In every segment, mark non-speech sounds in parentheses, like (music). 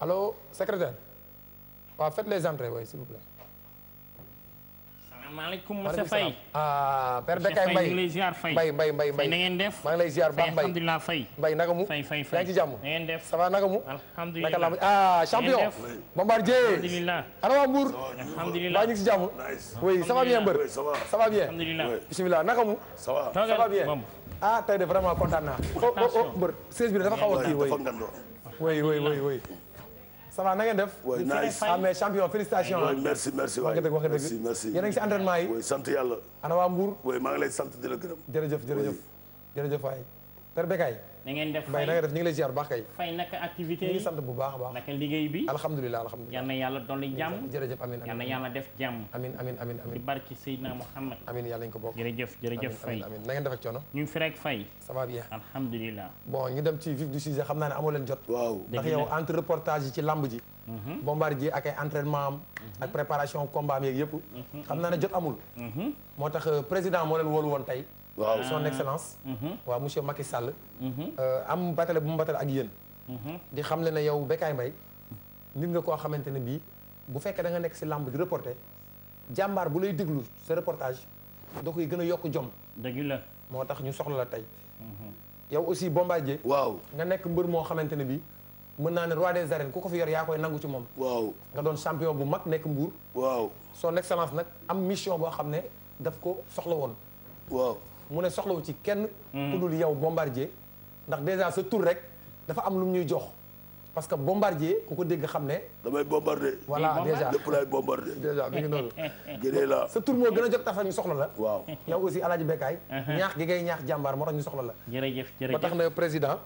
allo secrétaire waaw faites les entrées oui s'il vous plaît. salaamaaleykum monsieur Faye. ah Père Bekay Mbaye monsieur Faye ñu ngi lay ziar Faye. Mbaye Mbaye Mbaye Mbaye na ngeen def. maa ngi lay ziar Mbaye alhamdulilah Faye. Mbaye naka mu Faye Faye Faye yaa ngi ci jàmm. na ngeen def ça va naka mu. alhamdulilah naka la ah champion. na ngeen def Bombardier. alhamdulilah ana waa Mbour. alhamdulilah maa ngi ci jàmm. oui ça va bien mbër. ça va bien alhamdulilah. bisimilah naka mu. ça va ça va bien. ah tey de vraiment kontaan naa. Oh, oh, oh, attention mbër siège bi dafa xaw a kii oui oui oui oui. ça va na ngeen def. waay nice ah mais champion félicitations. Ah. merci merci waay merci merci yéen a ngi si entraînement yi. waay sant yàlla. ana waa Mbour. waay maa ngi lay sant di la gërëm. jërëjëf jërëjëf jërëjëf waay. Père Bekay na ngeen def bay na bu baax kay fay naka activité yi ñu ngi sant bu baax a baax naka liggéey bi alhamdulilah alhamdulilah yal na yàlla dolli amin na yàlla def jàmm amin amin amin amin di barki Seydina amin amin na ngeen coono ñu fi rek fay ça va bon ñu dem ci vif du sujet xam naa ne amoo leen jot ndax yow entre yi ci lamb ji mhm. bombardier ak ay am mhm. ak préparation combat am yëpp mhm. xam naa ne jot amul moo tax euh, président moo leen woolu woon tey waaw ah. son excellence. Mm-hmm. waaw monsieur Macky Sall. Mm-hmm. Euh, am batale bu mu batale ak yéen. Mm-hmm. di xam le ne yow Bécaye Mbaye nit nga koo xamante ne bii bu fekkee danga nekk si làmb di reporter jàmbaar bu lay déglu sa reportage da koy gën a yokk jom. dëgg la moo tax ñu soxla la tey. yow aussi Bombardier waaw nga nekk mbër moo xamante ne bii mën naa ne roi de arènes ku ko fi yor yaa koy nangu ci moom. waaw nga doon champion bu mag nekk Mbour. waaw son excellence nag am mission boo xam ne daf ko soxla woon. mu ne soxlawu ci kenn hmm. ku dul yow bombardier ndax déjà sa tur rek dafa am lu mu ñuy jox parce que bombardier ku ko dégg xam ne damay bombarder voilà déjà lépp laay bombarder déjà mi ngi noonu gënee (laughs) la sa tur moo gën a jot tax ñu soxla la waaw yow aussi alaaji Bekkaay uh-huh. ñaax gi ngay ñaax jàmbaar moo tax ñu soxla la jërëjëf jërëjëf ba tax na président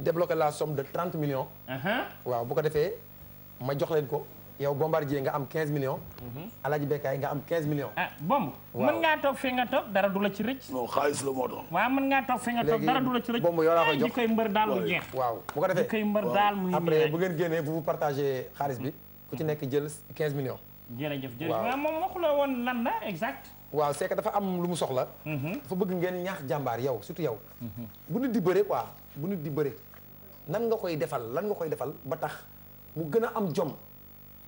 débloqué la somme de 30 millions uh-huh. waaw bu ko defee ma jox leen ko yow Bombardier nga am 15 millions. Mhm. Alaaji Bekkaay nga am 15 millions. ah bomb. waaw mën ngaa toog fi nga toog dara xaalis la moo doon. waaw mën ngaa toog fi nga toog dara du la ci rëcc. bomb yow laa koy eh, jox koy mbër daal mu jeex. waaw bu ngeen génnee bu partagé xaalis bi ku ci nekk jël 15 millions. jërëjëf jërëjëf waaw moom waxuloo woon nan la exact. waaw c'est dafa am lu mu soxla. Mhm. dafa bëgg ngeen ñaax jàmbaar yow surtout yow. Mhm. bu nit di bëre quoi bu nit di bëre nan nga koy defal lan nga koy defal ba tax mu gën a am jom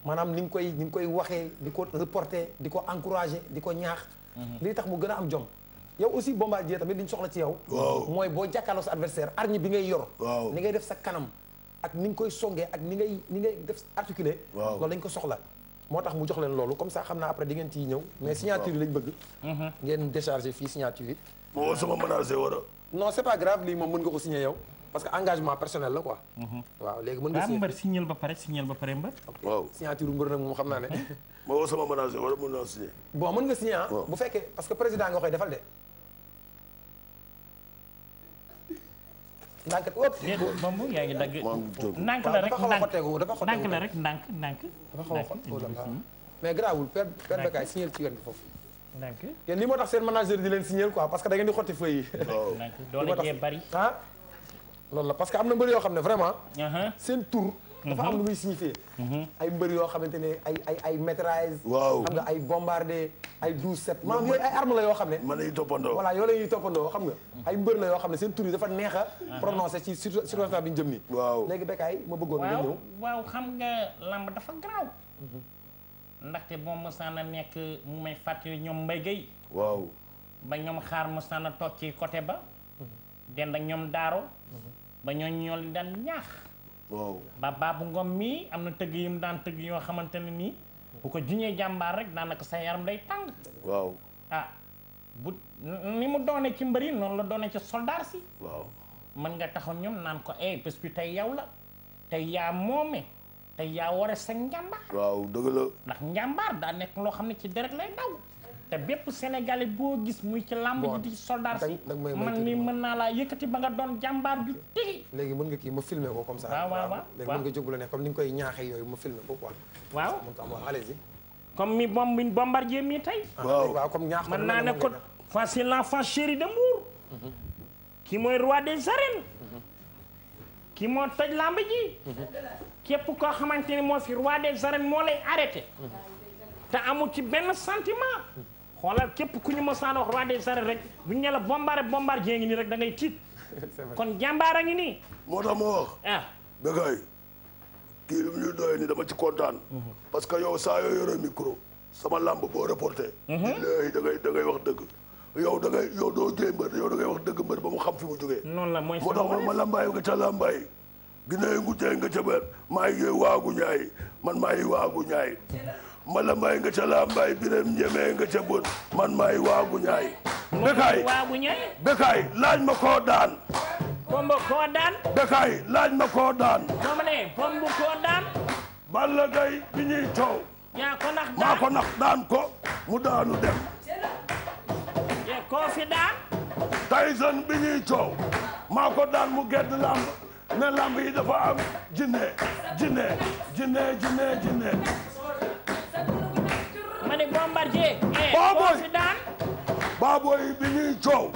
maanaam ni nga koy ni nga koy waxee di ko reporter di ko encourager di ko ñaax. Mhm. li tax mu gën a am jom. yow aussi Bombardier tamit li ñu soxla ci yow. mooy boo jàkkaarloo sa adversaire arñi bi ngay yor. ni ngay def sa kanam ak ni nga koy songee ak ni ngay ni ngay def articuler loolu lañ ko soxla. moo tax mu jox leen loolu comme ça xam naa après di ngeen ciy ñëw. mais signature yi lañ bëgg. Mhm. ngeen décharger fii signature yi. moo sama manager war a. non c'est moom mën nga yow. parce que engagement personnel la quoi. Mhm. waaw léegi mën nga. Ah, si mbër signal ba pare signal ba pare mbër. waaw signature mbër nag moom xam naa ne. (laughs) ma sama manager wala mën naa signé. bon mën nga signé ah. bu fekkee parce que président nga koy defal de. ndànk wóob. déedéet moom yaa ngi dagg. ndànk la rek ndànk la rek ndànk ndànk. dafa xaw a xoteeku mais garaawul per per Bécaye signé ci wér gi foofu. ndànk yéen parce que da ngeen doole jee bari ah? loolu la parce que am na mbër yoo xam ne vraiment. Uh-huh. seen tur. dafa am lu muy signifié. Uh-huh. ay mbër yoo xamante ne ay ay ay maîtrise. waaw xam nga ay bombardé ay douze sept. maanaam yooyu ay yoo xam ne. mën nañu toppandoo voilà yoo la ñuy toppandoo xam nga. ay mbër la yoo xam ne seen tur yi dafa neex a. Uh-huh. prononcé ci circonstance bi ñu jëm nii. waaw léegi Bécaye ma bëggoon nga ñëw. waaw xam nga lamb dafa garaaw. Mhm. ndaxte boo Musaana nekk mu may fàttali ñoom Mbaye Guèye. waaw ba ñoom xaar Musaana toog ci côté ba. Mhm. dend ak ñoom Daaro. Mhm. ba ñooñ ñoo li daan ñaax waaw ba baabu ngom mii am na tëgg yi daan tëgg yoo xamante ne nii bu ko jiñee jàmbaar rek daanaka sa yaram day tàng waaw ah bu ni mu doone ci yi noonu la doone ci soldaar si waaw mën nga taxaw ñoom naan ko ay eh, bés tey yow la tey yaa moome tey yaa ware sa njàmbaar waaw dëgg la ndax njàmbaar daa nekk loo xam ne ci deret lay daw te bépp sénégalais boo gis muy ci làmb ji di soldat si man ni mën naa laa yëkkati ba nga doon jàmbaar bi tigi léegi mën nga kii ma filmer ko comme ça waaw waaw waaw yooyu ma filmer ko quoi waaw mën ko am waaw allez comme mi bom mi mi tey ah, waaw comme ñaax man naa ne ko facile l'enfant chéri de Mbour mhm. ki mooy roi des arènes mhm. ki moo toj làmb ji mhm. képp koo xamante ni moo fi roi des arènes moo lay arrêté te amul ci benn sentiment xoolal képp ku ñu mosaan wax roi des arènes rek bu ñu ne la bombardé bombardier nii rek da ngay tiit. (laughs) kon jàmbaar a ngi nii. moo tax ma wax. Ah. dama ci kontaan. Mhm. parce que yow saa yoo yore micro sama lamb boo mhm. dëgg. yow da doo jëy mbër yow da wax dëgg mbër ba mu xam fi mu jógee. noonu la mooy moo tax ma lambaay nga ca lambaay. ginnaaw ngu jëy nga ca benn maa ngi waagu ñaay man maa waagu ñaay. mbala mbay nga ca laa mbay biram nga ca bon man maay waagu ñaay ñaay bekaay laaj ma koo daan pomb laaj ma koo daan balla gay bi ñuy coow ko nax maa ko nax daan ko mu daanu dem ye koo daan Tyson bi ñuy coow maa ko daan mu gedd lamb ne lamb yi dafa am jinne jinne jinne jinne jinne ne Bombardier. Eh, baaboy baaboy bi ñuy coow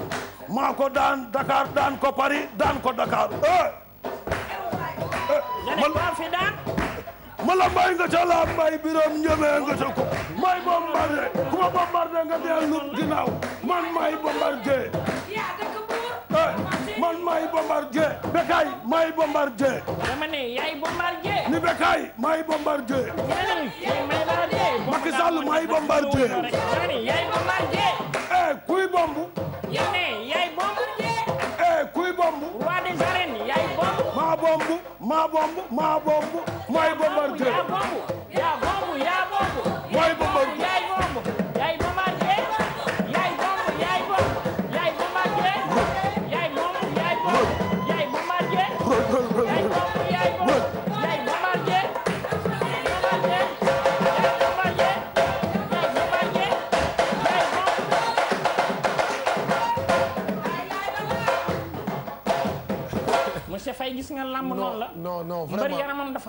maa ko daan Dakar daan ko Paris daan ko Dakar. Eh. Eh. ma la fi daan. ma la mbay nga ca la mbay biram ñeme nga ca ko. may Bombardier ku ma Bombardier nga dellu ginnaaw man may Bombardier. maay bombardier. dama ne yaay bombardier. ni Bécaye maay bombardier. ñeneen yaay kuy bomb. ñeneen yaay bombardier. eh, eh bomb. roi des arènes bomb. maa bomb maa bomb maa bomb maay bombardier.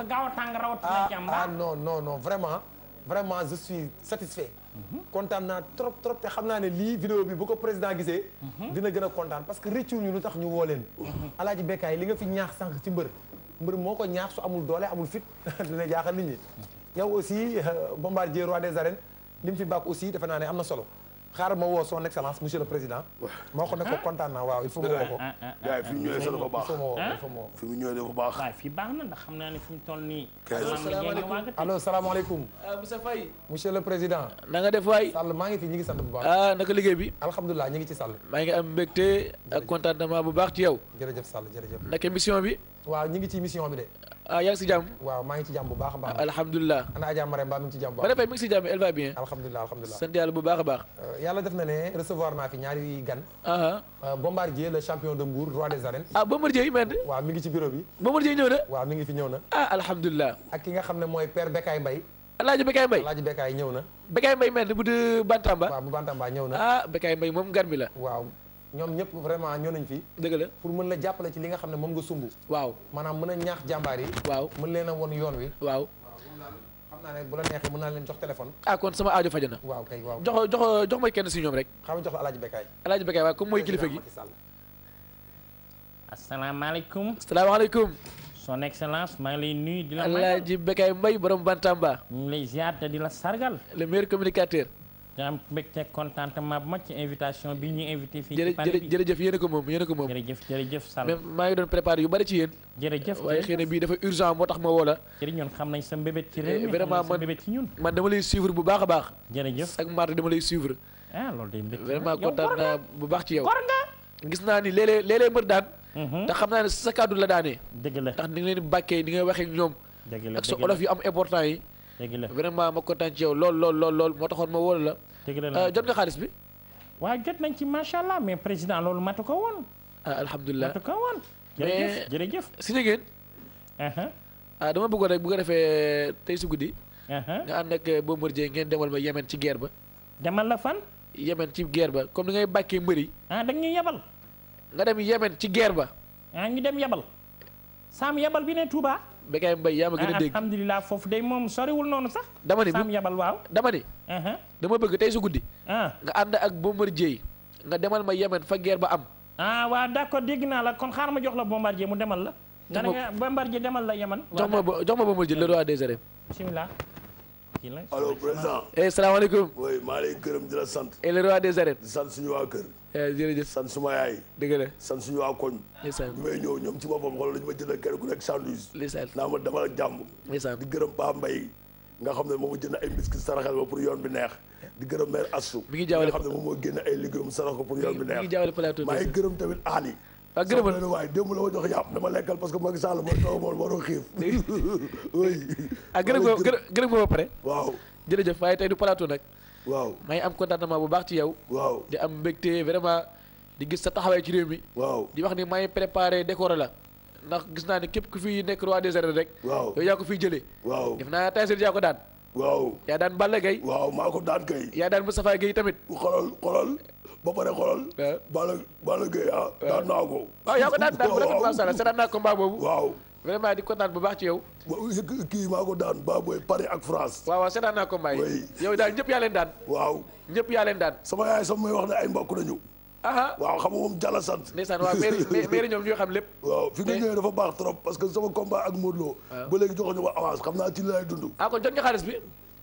dafa gaaw a tàng rawatina ah, jàmba ah non non non vraiment vraiment je suis satisfait mhm. kontaan naa trop trop te xam naa ne lii vidéo bi bu ko président gisee mhm. dina gën a kontaan parce que rëccu ñu lu tax ñu woo leen mhm. alaaji Bekkaay li nga fi ñaax sànq ci mbër mbër moo ko ñaax su amul doole amul fit (laughs) dina jaaxal nit ñi yow aussi euh, Bombardier roi des arènes li mu fi bàkk aussi defe naa ne am na solo xaaral ma woo son excellence monsieur le président. moo ko ne ko kontaan waaw il faut ma woo ko. Ah, ah, ah, gars yi fi mu ñëwee sax dafa baax il faut fi baax. na ndax xam naa ne fi mu toll nii. allo salaamaaleykum. monsieur Faye. monsieur le président. na nga def waay. Sall maa ngi fi ñu ngi sant bu baax. ah liggéey bi. alhamdulilah ñu ngi ci Sall. maa ngi am mbégte a contentement bu baax ci yow. jërëjëf Sall jërëjëf. naka mission bi. waaw ñu ngi ci mission bi de. ah yaa ngi si jàmm. waaw maa ngi ci jàmm bu baax a baax. alhamdulilah ana Adja Marème Ba mi ngi ci jàmm bu baax. Marème Ba mi ngi si jàmm elle bien. alhamdulilah alhamdulilah bu baax a baax. Euh, yàlla def na ne recevoir naa fi ñaari gan. Euh, Bombardier le champion de Mbour roi des arènes. ah Bombardier mel na. ngi ci bureau bi. Bombardier ñëw na. waaw fi ñëw na. ah alhamdulilah. ak ki nga xam ne mooy père Bekaay Mbaye. Alaaji Bekaay Mbaye Alaaji Bekaay ñëw na. Bekaay Mbaye mel na bu dee Bantamba. waaw bu Bantamba ñëw na. ah Bekaay Mbaye la. waaw ñoom ñëpp vraiment ñoo nañ fi dëgg la pour mën la jàppale ci li nga xam ne moom nga sumb waaw maanaam mën a ñaax jàmbaar yi waaw mën leen a won yoon wi waaw xam bu la neexee mën naa leen jox téléphone ah kon sama aajo fajana waaw kay waaw jox jox jox ma kenn si ñoom rek xam nga jox la alaaji Bekaay alaaji Bekaay waaw comme mooy kilifa gi asalaamaaleykum asalaamaaleykum son excellence maa ngi lay nuyu di la alaaji Bekaay borom Bantamba ñu ngi lay ziar di la sargal le meilleur communicateur da am mbégte contentement bu ñu invité fii ci panel bi jërëjëf yéen a ko moom yéen a maa ngi doon préparé yu bari ci yéen waaye xëy na dafa urgent moo tax ma woo eh, vraiment man dama lay suivre bu baax a baax jërëjëf chaque dama lay suivre ah, vraiment kontaan naa bu baax ci yow gis naa ni léeg-léeg léeg-léeg mër daan mhm. te xam naa ne sa kàddu la daanee dëgg la ndax ni nga leen bàkkee ni ngay waxee ñoom ak sa olof yu am important yi dëgg la vraiment ma kontaan ci yow lool lool lool moo taxoon ma wóolu la. dëgg la euh, jot nga xaalis bi. waaw jot nañ ci macha allah mais président loolu matu ko woon. ah alhamdulilah matu ko woon. jërëjëf jërëjëf si ngeen. Uh-huh. ah dama bëggoon rek bu ko defee tey si guddi. Uh-huh. nga ànd ak Bombardier ngeen demal ma Yemen ci geer ba. demal la fan. Yemen ci geer ba comme ni ngay bàkkee mbëri. ah da ñuy yebal. nga dem Yemen ci guerre ba. ah ñu dem yebal. Sam yebal bi ne Touba. Bécaye Mbaye yaa ma gën a ah, dégg alhamdulilah foofu day moom soriwul noonu sax dama ni sam yabal waaw dama ni uh-huh. dama bëgg tey su guddi ah. nga ànd ak Bombardier nga demal ma Yemen fa guerre ba am ah waaw d'accord dégg naa la kon xaar ma jox la Bombardier mu demal la nga ne nga Bombardier demal la Yemen jox ma jox ma Bombardier le roi des arènes bismillah kii la. allo président. Eh, salaamaaleykum. oui maa lay gërëm di la sant. et le roi des arènes. sant suñu waa kër. Eh, jërëjëf sant suma yaay. dëgg la sant suñu waa koñ. ñu may ñëw ñoom ci boppam xoolal dañu ma jëndal kenn ku nekk sandwich. ndeysaan naa ma demal ak jàmm. ndeysaan di gërëm Paa Mbaye. nga xam ne moo jënd ay biscuit saraxel ba pour yoon bi neex. di gërëm mère Assou. bi ngi jaawale nga xam ne moom moo génne ay légumes sarax ko pour yoon bi neex. bi gërëm tamit Ali ah gërëm la waaye démb la ma jox yàpp dama lekkal parce que Macky Sall ma taw moom waroo xiif. (laughs) (laughs) oui. ah gërëm nga ba pare. waaw jërëjëf waaye tey du palaato nag. waaw may am contentement bu baax ci yow. waaw di am mbégte vraiment di gis sa taxawaay ci réew mi. waaw di wax ni may préparé décoré la. ndax gis naa ne képp ku fi nekk roi des arènes rek. waaw yow yaa ko fiy jële waaw def naa Tyson yaa ko daan. waaw yaa daan Balla Gaye waaw maa ko daan kay yaa daan Moustapha Gueye tamit xolol xolol ba pare xolol eh? Balla Balla Gaye ah eh. daan naa ko waaw yaa ko daan daan bu rafet macha allah seetaan naa combat boobu waaw vraiment di kontaan bu baax ci yow kii maa ko daan ba booy Paris ak France waaw waaw seetaan naa combat yi yow ñëpp yaa leen daan waaw ñëpp yaa leen daan sama yaay sama may wax ne ay mbokk nañu waaw xam nga moom Jalla sant ndeysaan waaw mairie mairie ñoom ñoo xam lépp waaw fi nga ñëwee dafa baax trop parce que sama combat ak Modou Lo ah. ba léegi joxoñu ma avance xam naa ci laay dund ah kon jot nga xaalis bi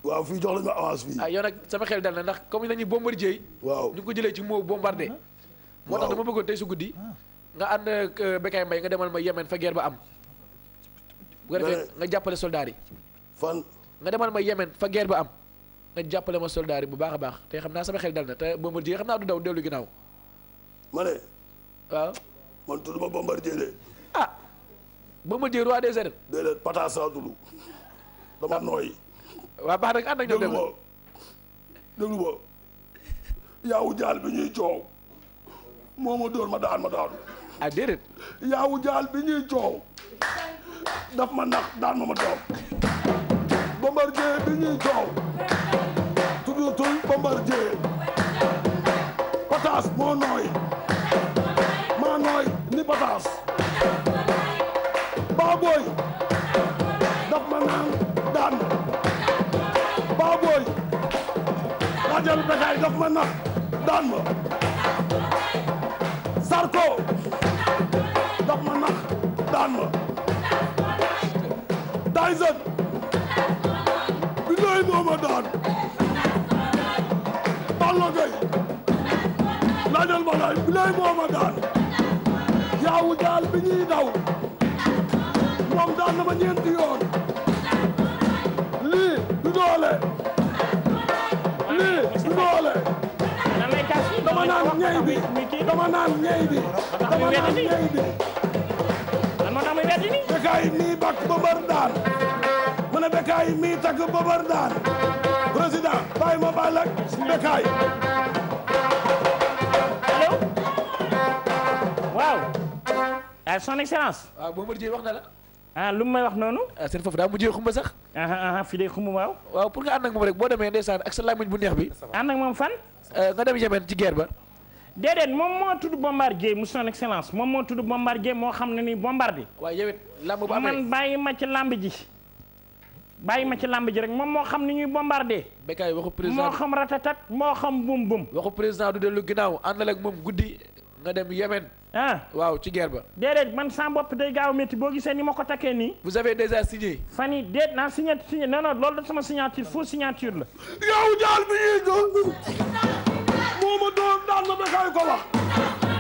waaw fii jox lañu ma avance bi ah yow nag sama xel dal na ndax comme nañuy bombardier waaw ñu ko jëlee ci moo bombardé ah. moo tax dama bëggoon tey su guddi ah. nga ànd euh, Bécaye Mbaye nga demal ma Yemen fa guerre ba am bu ko defee nga jàppale soldats yi fan nga demal ma Yemen fa guerre ba am nga jàppale ma soldats yi bu baax a baax tey xam naa sama xel dal na te bombardier xam naa du daw dellu ginnaaw ma ne. waaw man tudd ma Bombardier de. ah Bombardier roi des arènes. déedéet Pata Sa tudd dama ah. nooyi. waaw baax nag ànd ak ñoom déglu ma déglu ma yaawu jaal bi ñuy coow moo ma dóor ma daan ma daanu. ah déedéet. yaawu jaal bi ñuy coow daf ma nax daan ma ma doom Bombardier bi ñuy coow tudd tudd Bombardier pataas moo nooy. màggalu Dakar daf ma nax daan ma Sarko daf ma nax daan ma Tyson bi moo ma daan Balla laajal ma laaj bi moo ma daan yaawu jaal bi daw moom daan na ma ñeenti yoon lii du doole lii du ma ole. dama naan ñey bi dama naan ñey bi dama naan ñey bi. lan moo tax muy weddi nii. Bécaye mii bakk ba bër daan mu ne Bécaye mii takk ba bër daan président bàyyi ma baal ak Bécaye. allo waaw. son excellence. waaw Bombardier wax na la. ah lu mu may wax noonu. ah seen foofu daa mujjee xumba sax. Ah, ah, ah, fii de xumba waaw. waaw pour nga ànd ak moom rek boo demee ndeysaan ak sa làmmiñ bu neex bi. ànd ak moom fan. Eh, nga dem Yémen ci guerre ba. déedéet moom moo tudd bombardier mu moom moo tudd bombardier moo xam ne ni bombardier. waaye yow it làmb bu amee man bàyyi ma ci làmb ji. bàyyi ma ci làmb ji rek moom moo xam ni ñuy bombardé. Bécaye waxu président moo xam ratatat moo xam bum bum. waxu président du dellu ginnaaw àndal ak moom nga dem Yémen. ah waaw ci guerre ba. déedéet man sans bopp day gaaw a métti boo gisee ni ma ko takkee nii. vous avez déjà signé. fan yii déet naa signé signé non non loolu da sama signature faux signature la. yow daal bi ñuy doon. moomu doon daal ma béykat ko wax.